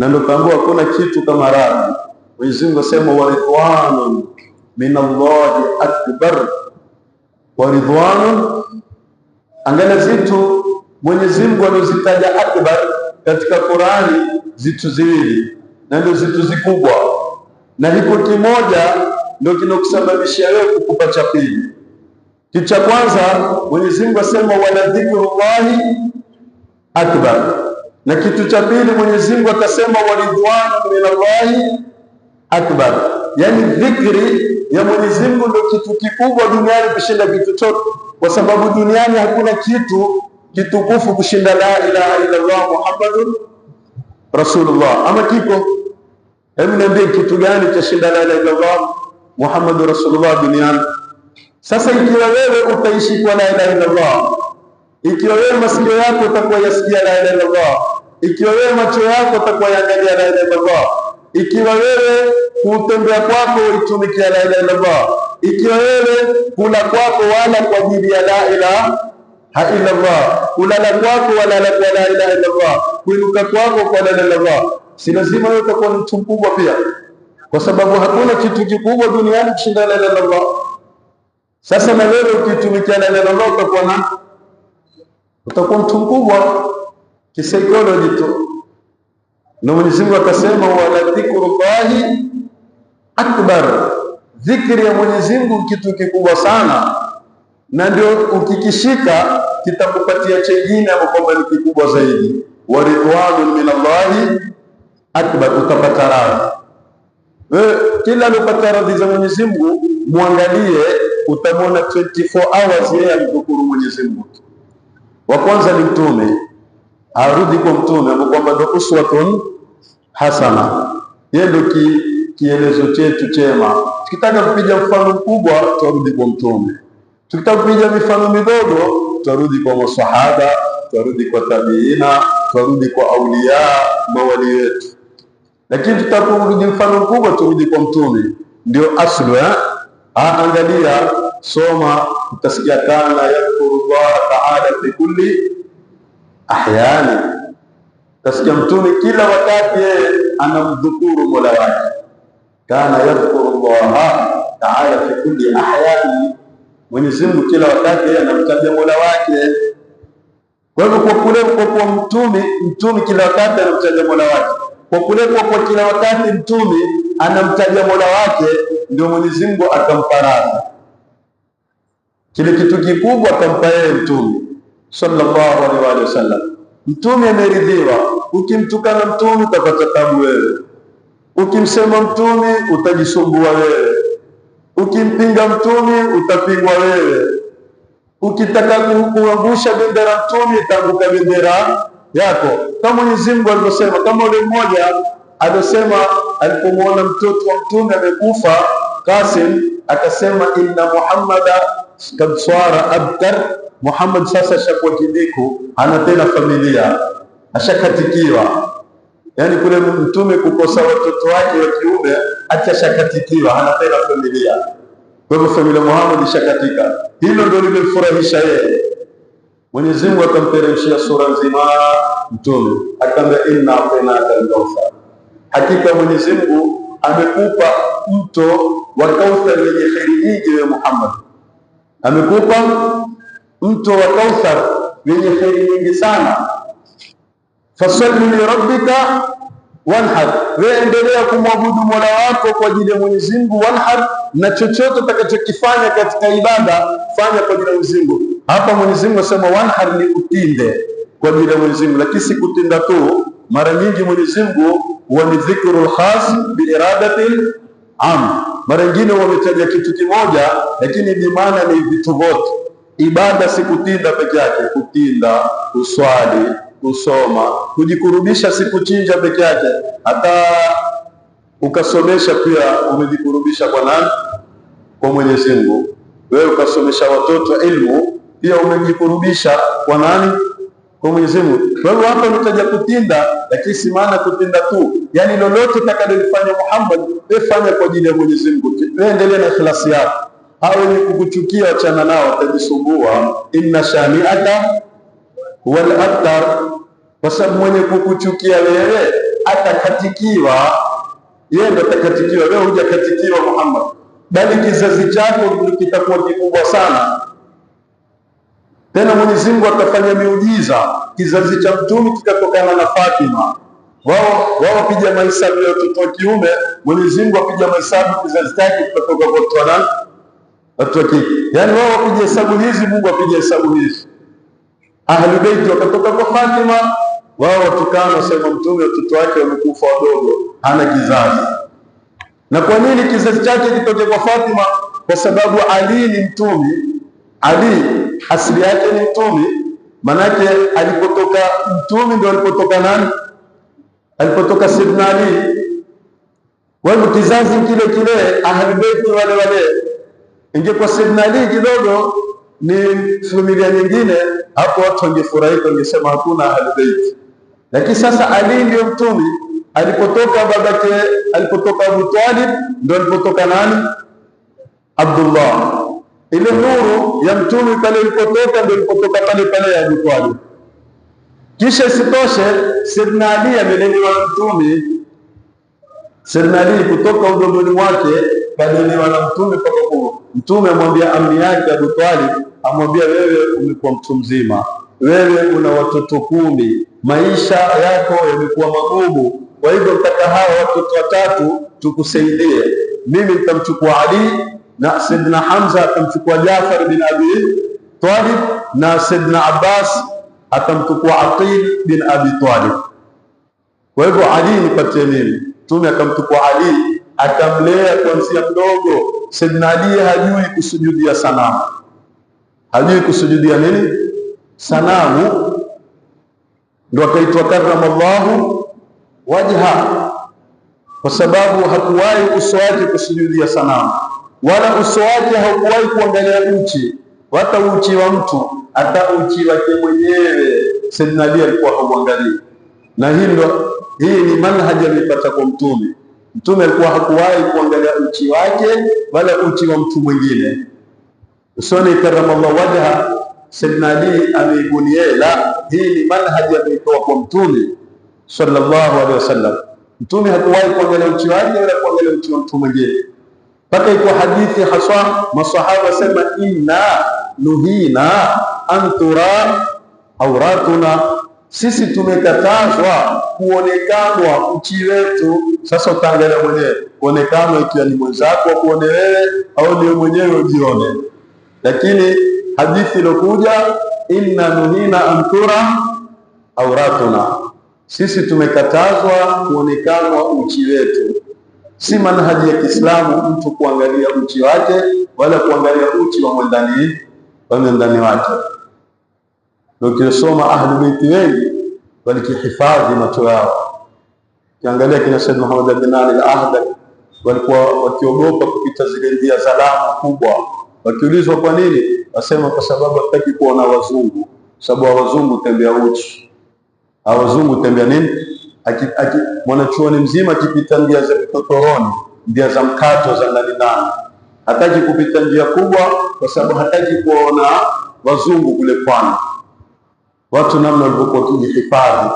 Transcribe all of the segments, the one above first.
na ndotambua hakuna kitu kama radhi. Mwenyezi Mungu asema waridhwanun minallahi akbar, waridhwanun. Angalia zitu Mwenyezi Mungu amezitaja akbar katika Qurani, zitu ziwili na ndio zitu zikubwa, na hiko kimoja ndio kinakusababishia wewe kukupa cha pili. Kitu cha kwanza Mwenyezi Mungu asema waladhikrullahi akbar na kitu cha pili Mwenyezi Mungu atasema wa ridwana minallahi akbar, yani dhikri ya Mwenyezi Mungu ndio kitu kikubwa duniani kushinda kitu chote, kwa sababu duniani hakuna kitu kitukufu kushinda la ilaha illa Allah Muhammadun Rasulullah. Ama kiko? Hebu niambie kitu gani cha shinda la ilaha illa Allah Muhammadur Rasulullah duniani? Sasa ikiwa wewe utaishi kwa la ilaha illa Allah, ikiwa wewe masikio yako utakuwa yasikia la ilaha illa Allah ikiwa wewe macho yako atakuwa yaangalia la ilaha illallah, ikiwa wewe kutembea kwako uitumikia la ilaha illallah, ikiwa wewe kula kwako wala kwa ajili ya la ilaha illallah, kulala kwako wala la kwa la ilaha illallah, kuinuka kwako kwa la ilaha illallah, si lazima wewe utakuwa ni mtu mkubwa pia, kwa sababu hakuna kitu kikubwa duniani kushinda la ilaha illallah. Sasa na wewe ukitumikia la ilaha illallah utakuwa na utakuwa mtu mkubwa kisaikolojia tu, na Mwenyezi Mungu akasema, wala dhikrullahi akbar, dhikri ya Mwenyezi Mungu kitu kikubwa sana, na ndio ukikishika kitakupatia chengine ama kwamba ni kikubwa zaidi. Wa ridwanu min allahi akbar, utapata radhi kila alipata radhi za Mwenyezi Mungu, muangalie, utamwona 24 hours yeye amdhukuru Mwenyezi Mungu. Wa kwanza ni Mtume arudi kwa mtume ambapo kwamba ndo uswatun hasana, yeye ndo ki, kielezo chetu chema. Tukitaka kupiga mfano mkubwa tuarudi kwa mtume, tukitaka kupiga mifano midogo tuarudi kwa masahaba, tuarudi kwa tabiina, tuarudi kwa aulia mawali wetu, lakini tutakurudi mfano mkubwa turudi kwa mtume, ndio aslu eh? Ah, angalia, soma, utasikia kana yakuru llaha taala fi kulli ahyani. Tasikia mtume kila wakati yeye anamdhukuru mola wake, kana yadhkuru llaha taala fi kulli ahyani, Mwenyezi Mungu kila wakati yeye anamtaja mola wake. Kwa hivyo kwa kule kwa kwa mtume mtume kila wakati anamtaja mola wake, kwa kule kwa kwa kila wakati mtume anamtaja mola wake, ndio Mwenyezi Mungu akampa radhi kile kitu kikubwa, akampa yeye mtume sallallahu alaihi wa alihi Mtume ameridhiwa. Ukimtukana mtume utapata tabu wewe, ukimsema mtume utajisumbua wewe, ukimpinga mtume utapingwa wewe, ukitaka kuangusha bendera mtume itaanguka bendera yako, kama Mwenyezi Mungu alivyosema, kama ule mmoja aliosema alipomwona mtoto wa mtume amekufa kasim akasema inna Muhammada kad swara abtar Muhammad sasa ashakuwa kidiku, ana tena familia, ashakatikiwa. Yaani kule mtume kukosa watoto wake wa kiume, hata ashakatikiwa, ana tena familia. Kwa hivyo familia Muhammad ishakatika. Hilo ndio limefurahisha yeye. Mwenyezi Mungu akamteremshia sura nzima mtume, akamwambia inna atainaka al-Kauthar, hakika Mwenyezi Mungu amekupa mto wa Kauthar wenye kheri nyingi, wewe Muhammad, amekupa mto wa Kauthar wenye kheri nyingi sana. Fasalli li rabbika wanhar, wewe endelea kumwabudu mola wako kwa ajili ya Mwenyezi Mungu. Wanhar, na chochote utakachokifanya katika ibada fanya kwa ajili ya Mwenyezi Mungu. Hapa Mwenyezi Mungu asema wanhar, ni utinde kwa ajili ya Mwenyezi Mungu, lakini si kutinda tu. Mara nyingi Mwenyezi Mungu huwa ni dhikrul khas iradati am, mara nyingine wametaja kitu kimoja, lakini bi maana ni vitu vyote Ibada si kutinda peke yake, kutinda, kuswali, kusoma, kujikurubisha si kuchinja peke yake, hata ukasomesha pia umejikurubisha kwa nani? Kwa Mwenyezi Mungu. Wewe ukasomesha watoto elimu pia umejikurubisha kwa nani? Kwa Mwenyezi Mungu. hivyo hapa umetaja kutinda, lakini si maana kutinda tu, yaani lolote utakalolifanya Muhammad, wewe kwa ajili ya Mwenyezi Mungu, wewe na ikhlasi yako au wenye kukuchukia wachana nao, watajisumbua. Inna shani'aka wal abtar, kwa sababu mwenye kukuchukia wewe atakatikiwa, yeye ndo atakatikiwa, wewe hujakatikiwa Muhammad, bali kizazi chako kitakuwa kikubwa sana. Tena Mwenyezi Mungu atafanya miujiza, kizazi cha mtume kitatokana na Fatima wao wao piga mahesabu ya watoto wa kiume. Mwenyezi Mungu apiga mahesabu, kizazi chake kutoka kwa mtu watu waki, yani wao wapige hesabu hizi, Mungu apige hesabu hizi. Ahlul Bait wakatoka kwa Fatima, wao watukana, wasema mtume watoto wake wamekufa wadogo, hana kizazi. Na kwa nini kizazi chake kitoke kwa Fatima? Kwa sababu Ali ni mtume. Ali asili yake ni mtume, manake alipotoka mtume ndio alipotoka nani? Alipotoka Sidna Ali. Wao kizazi kile kile, Ahlul Bait wale wale Ingekuwa Sidna Ali kidogo ni familia nyingine, hapo watu wangefurahika, wangesema hakuna Ahlulbeiti. Lakini sasa Ali ndiyo mtumi, alipotoka babake, alipotoka Abu Talib ndio alipotoka nani? Abdullah. Ile nuru ya mtumi pale ilipotoka ndio ilipotoka pale pale ya Abu Talib. Kisha isitoshe Sidna Ali amelelewa na mtumi. Sidna Ali kutoka udomoni wake badiliwa na mtume paka kubwa. Mtume amwambia ammi yake Abu Talib, amwambia wewe umekuwa mtu mzima, wewe una watoto kumi, maisha yako yamekuwa magumu, kwa hivyo mpaka hawa watoto watatu tukusaidie. Mimi nitamchukua Ali na Saidna Hamza atamchukua Jafar bin Abi Talib na Saidna Abbas atamchukua Aqil bin Abi Talib. Kwa hivyo Ali nipatie nini? Mtume akamchukua Ali akamlea kuanzia mdogo. Sidna Ali hajui kusujudia sanamu, hajui kusujudia nini sanamu, ndo akaitwa karamallahu wajha, kwa sababu hakuwahi uso wake kusujudia sanamu, wala uso wake hakuwahi kuangalia uchi, hata uchi wa mtu, hata uchi wake mwenyewe Sidna Ali alikuwa hauangalii. Na hii ndo hii ni manhaji ameipata kwa Mtume Mtume alikuwa hakuwahi kuangalia uchi wake wala uchi wa mtu mwingine. Usoni karamallahu wajha, Sayyidina Ali ameibuniela hii ni manhaji ameitoa kwa Mtume sallallahu alaihi wasallam. Mtume hakuwahi kuangalia uchi wake wala kuangalia uchi wa mtu mwingine, mpaka iko hadithi haswa masahaba sema inna nuhina an tura auratuna sisi tumekatazwa kuonekanwa uchi wetu. Sasa utaangalia mwenyewe kuonekanwa, ikiwa ni mwenzako kuone wewe au ni mwenyewe ujione. Lakini hadithi ilokuja, inna nuhina antura auratuna, sisi tumekatazwa kuonekanwa uchi wetu. Si manhaji ya Kiislamu mtu kuangalia uchi wake wala kuangalia uchi wa mwendani wake ndio ahli baiti wengi walikihifadhi macho yao. Kiangalia kina Said Muhammad bin Ali al-Ahdari walikuwa wakiogopa kupita zile njia salama kubwa. Wakiulizwa kwa nini, wasema kwa sababu hataki kuona wazungu, sababu wazungu tembea uchi, wazungu tembea nini, mwanachuoni mzima akipita njia za vitotoroni, njia za mkato za ndani ndani, hataki kupita njia kubwa kwa sababu hataki kuona wazungu kule kwani watu namna walivyokuwa kijihifadhi.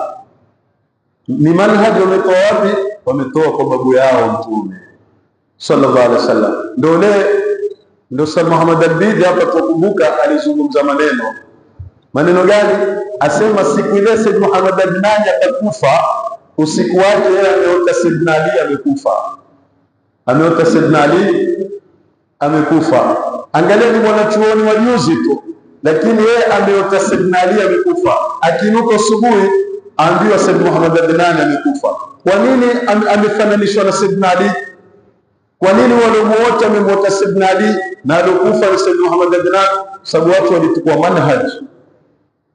Ni manhaji wametoa wapi? Wametoa kwa babu yao Mtume sallallahu alaihi wasallam. Ndio le ndio Sa Muhammad al hapa tukumbuka, alizungumza maneno maneno gani? Asema siku ile Said Muhammad al-Adnani atakufa, usiku wake yeye ameota Saidna Ali amekufa, ameota Saidna Ali amekufa. Angalia, ni mwanachuoni wa juzi tu lakini yeye ameota Saidina Ali amekufa, akiinuka asubuhi aambiwa Saidina Muhammad Adnani amekufa. Kwa nini amefananishwa na Saidina Ali? Kwa nini waliomuota amemwota Saidina Ali na aliokufa ni Saidina Muhammad Adnani? Sababu watu walichukua manhaj,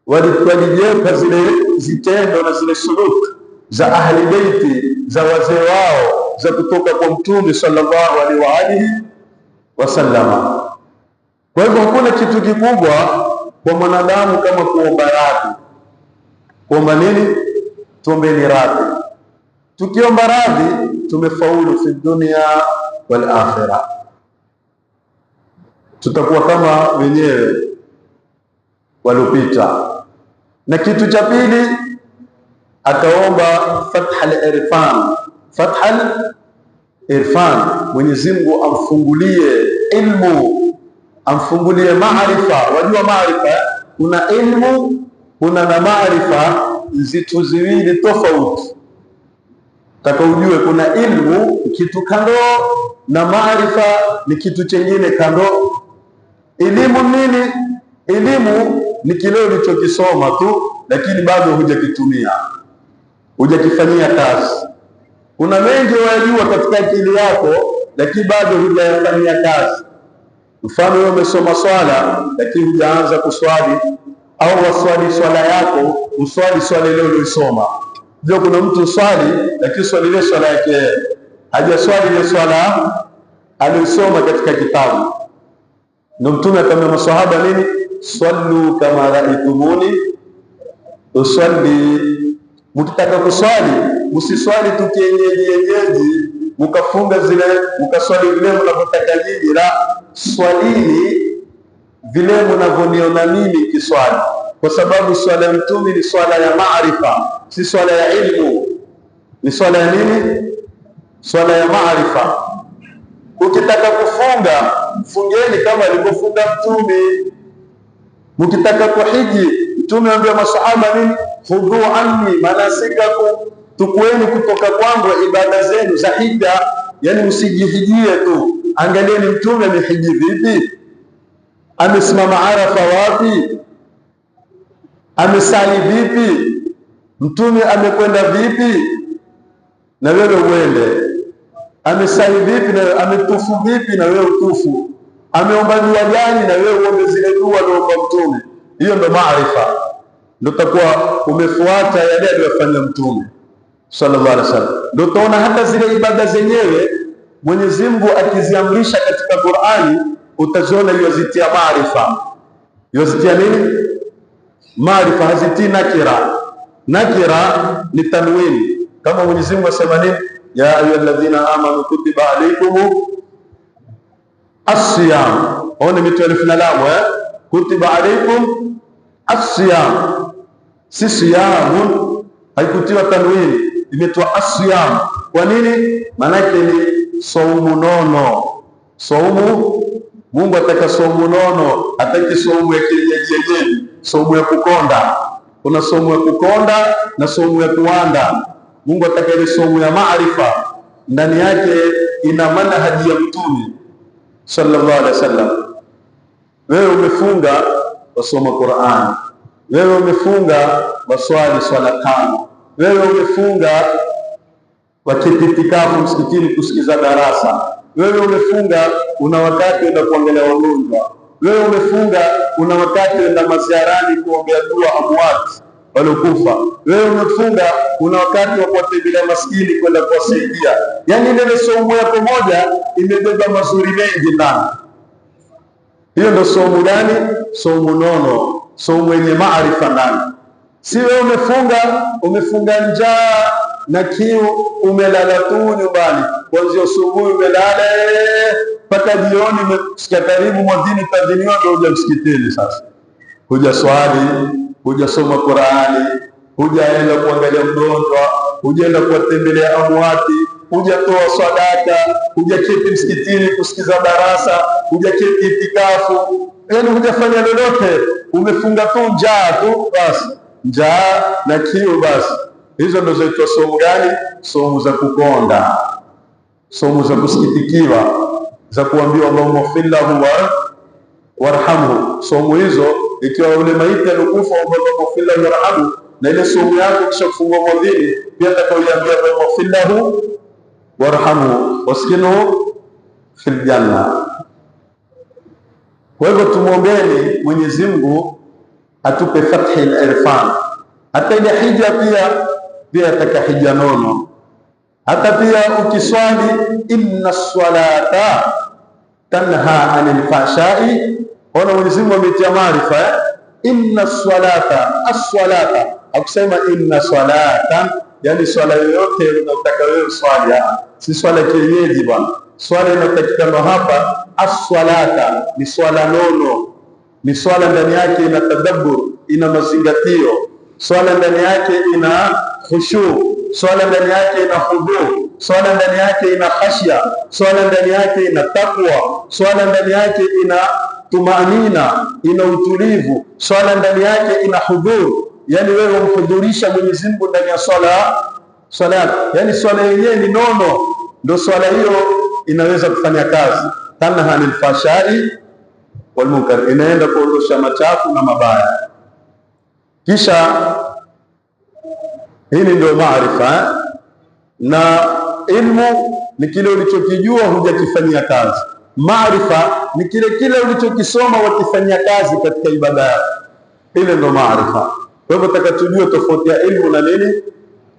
walijepa zile zitendo na zile suluk za ahli beiti za wazee wao za kutoka kwa Mtume sallallahu alaihi wa alihi wasallama kwa hivyo hakuna kitu kikubwa kwa mwanadamu kama kuomba radhi. Kuomba nini? Tuombeni radhi. Tukiomba radhi tumefaulu fi dunia wal akhirah, tutakuwa kama wenyewe waliopita. Na kitu cha pili akaomba fathal irfan, fathal irfan, Mwenyezi Mungu amfungulie ilmu amfungulie maarifa. Wajua maarifa, kuna ilmu kuna na maarifa, zitu ziwili tofauti. Taka ujue kuna ilmu kitu kando na maarifa ni kitu chengine kando. Elimu nini? Elimu ni kile ulichokisoma tu, lakini bado hujakitumia hujakifanyia kazi. Kuna mengi wayajua katika akili yako, lakini bado hujayafanyia kazi. Mfano wewe umesoma swala lakini hujaanza kuswali, au waswali swala yako uswali swala ile uliyosoma. Ndio kuna mtu swali lakini swali ile swala yake hajaswali ile swala alisoma katika kitabu. Ndio Mtume akamwambia maswahaba nini, sallu kama raitumuni usalli, mkitaka kuswali msiswali tu yenyeji mkafunga zile mkaswali vile mnavyotaka nyinyi, la swalini vile mnavyoniona mimi kiswali, kwa sababu swala ya mtume ni swala ya maarifa, si swala ya ilmu. Ni swala ya nini? Swala ya maarifa. Ukitaka kufunga fungeni kama alivyofunga mtume, mkitaka kuhiji mtume ambia masahaba nini, hudhu anni manasikakum tukueni kutoka kwangu ibada zenu za hija, yani msijihijie tu, angalieni mtume amehiji vipi, amesimama Arafa wapi, amesali vipi, mtume amekwenda vipi na wewe uende, amesali vipi na ametufu vipi na wewe utufu, ameomba dua gani na wewe uombe zile dua aliomba mtume. Hiyo ndo maarifa, ndo takuwa umefuata yale aliyofanya mtume sallallahu alaihi wasallam. Ndio utaona hata zile ibada zenyewe Mwenyezi Mungu akiziamrisha katika Qur'ani, utaziona yuazitia maarifa, yuazitia nini maarifa, hazitii nakira. Nakira ni tanwini, kama Mwenyezi Mungu asema nini, ya ayyuhalladhina amanu kutiba alaykumu as-siyam, ona alifu na lamu eh? kutiba alaykum as-siyam, si siyamun, haikutiwa tanwini imetwa asiyam. Kwa nini? Maanake ni saumu nono, saumu Mungu ataka saumu nono, ataki saumu ya kienyeji, saumu ya kukonda. Kuna saumu ya kukonda na saumu ya kuanda. Mungu ataka ile saumu ya maarifa, ndani yake ina manhaji ya Mtume sallallahu alaihi wasallam. Wewe umefunga, wasoma Qur'an. Wewe umefunga, waswali swala tano wewe umefunga kwa msikitini kusikiza darasa, wewe umefunga una wakati wenda kuongelea wagonjwa, wewe umefunga una wakati wenda maziarani kuombea dua amwati waliokufa, wewe umefunga una wakati wa kuwatembelea maskini kwenda kuwasaidia. Yani ile somo yako moja imebeba mazuri mengi ndani. Hiyo ndo somo gani? Somo nono, somo yenye maarifa ndani Siwe umefunga umefunga njaa na kiu, umelala tu nyumbani kuanzia asubuhi umelala mpaka jioni, umesikia karibu mwadhini tadhiniwa, ndio huja msikitini. Sasa huja swali, soma Qurani, hujaenda kuangalia mgonjwa, hujaenda kuwatembelea amwati, hujatoa sadaka, hujaketi msikitini kusikiza darasa, hujaketi itikafu, yaani hujafanya lolote, umefunga tu njaa tu basi njaa na kiu. Basi hizo ndo zaitwa somu gani? Somu za kukonda, somu za kusikitikiwa, za kuambiwa Allahumma ighfir lahu warhamhu. Somu hizo ikiwa ule maiti alikufa, Allahumma ighfir lahu warhamhu, na ile somu yako kisha kufungua mwadhini pia atakaoiambia Allahumma ighfir lahu warhamhu waskinhu fil janna. Kwa hivyo tumwombeni Mwenyezi Mungu atupe fathi al-irfan. Hata ile hija pia pia ataka hija nono. Hata pia ukiswali, inna salata tanha anil fashai, ona Mwenyezi Mungu ametia maarifa eh? inna salata as-salata, akusema inna salatan, yani swala yoyote unataka wewe swali, ah. si swala kienyeji bwana, swala inatakikana hapa. As-salata ni swala nono ni swala ndani yake ina tadabbur, ina mazingatio, swala ndani yake ina khushu, swala ndani yake ina khudu, swala ndani yake ina khashya, swala ndani yake ina takwa, swala ndani yake ina tumaanina, ina utulivu, swala ndani yake ina hudhur, yani wewe umhudhurisha Mwenyezi Mungu ndani ya swala swala, yani swala yenyewe ni nono, ndo swala hiyo inaweza kufanya kazi. tanha lilfashai wal munkar, inaenda kuondosha machafu na mabaya. Kisha hili ndio maarifa eh? na ilmu ni kile ulichokijua hujakifanyia kazi. Maarifa ni kile kile ulichokisoma wakifanyia kazi katika ibada yako, ile ndio maarifa. Kwa hivyo takatujue tofauti ya ilmu na nini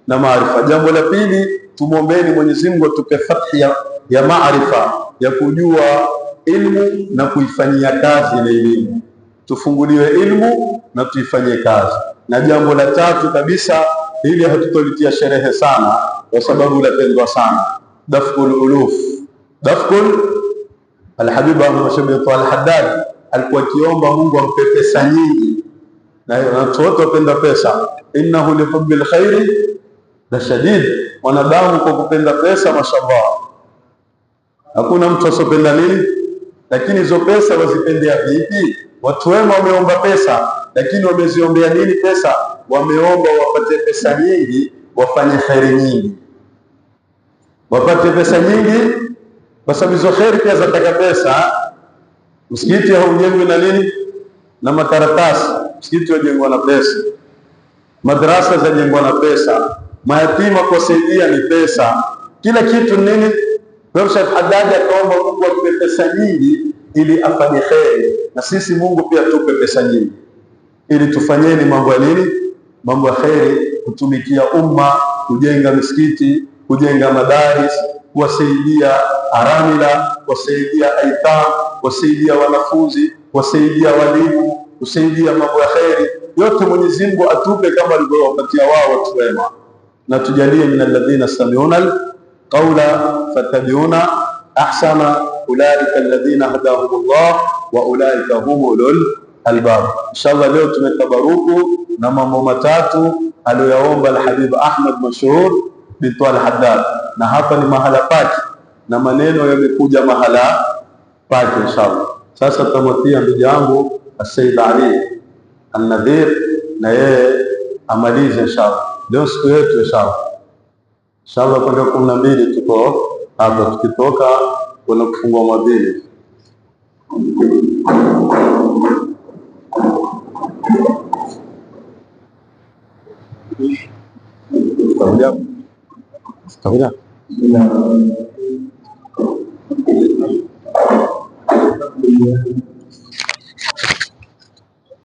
na maarifa. Jambo la pili, tumwombeni Mwenyezi Mungu atupe fathi ya, ya maarifa ya kujua ilmu na kuifanyia kazi ile elimu, tufunguliwe ilmu na tuifanyie kazi. Na jambo la tatu kabisa, hili hatutolitia sherehe sana, kwa sababu lapendwa sana, dafkul uluf. Dafkul Alhabibu Ahmad al alikuwa akiomba Mungu ampe pesa nyingi, na watu wote wapenda pesa. innahu lihubbil khairi la shadid, wanadamu kwa kupenda pesa, mashallah, hakuna mtu asopenda nini lakini hizo pesa wazipendea vipi? Watu wema wameomba pesa, lakini wameziombea nini pesa? Wameomba wapate pesa nyingi, wafanye kheri nyingi, wapate pesa nyingi, kwa sababu hizo kheri pia zataka pesa. Msikiti haujengwi na nini? Na makaratasi. Msikiti wajengwa na pesa, madrasa zajengwa na pesa, mayatima kuwasaidia ni pesa, kila kitu nini kwa Sheikh Haddad akaomba Mungu atupe pesa nyingi ili afanye kheri, na sisi Mungu pia tupe pesa nyingi ili tufanyeni mambo ya nini, mambo ya kheri, kutumikia umma, kujenga misikiti, kujenga madaris, kuwasaidia aramila, kuwasaidia aita, kuwasaidia wanafunzi, kuwasaidia walimu, kusaidia mambo ya khair yote. Mwenyezi Mungu atupe kama alivyowapatia wao watu wema, na tujalie minalladhina samiuna qawla fattabi'una ahsana ulaika alladhina hadahumullah wa ulaika humul albab. Inshallah leo tumetabaruku na mambo matatu aliyoyaomba Alhabib Ahmad Mashhur bin Twal Haddad, na hapa ni mahala pake na maneno yamekuja mahala pake inshallah. Sasa tutamwatia ndugu yangu Said Ali an na yeye amalize inshallah leo siku yetu inshallah. Inshallah kwenda kumi na mbili tuko hapa, tukitoka kwenda kufungua mwadhini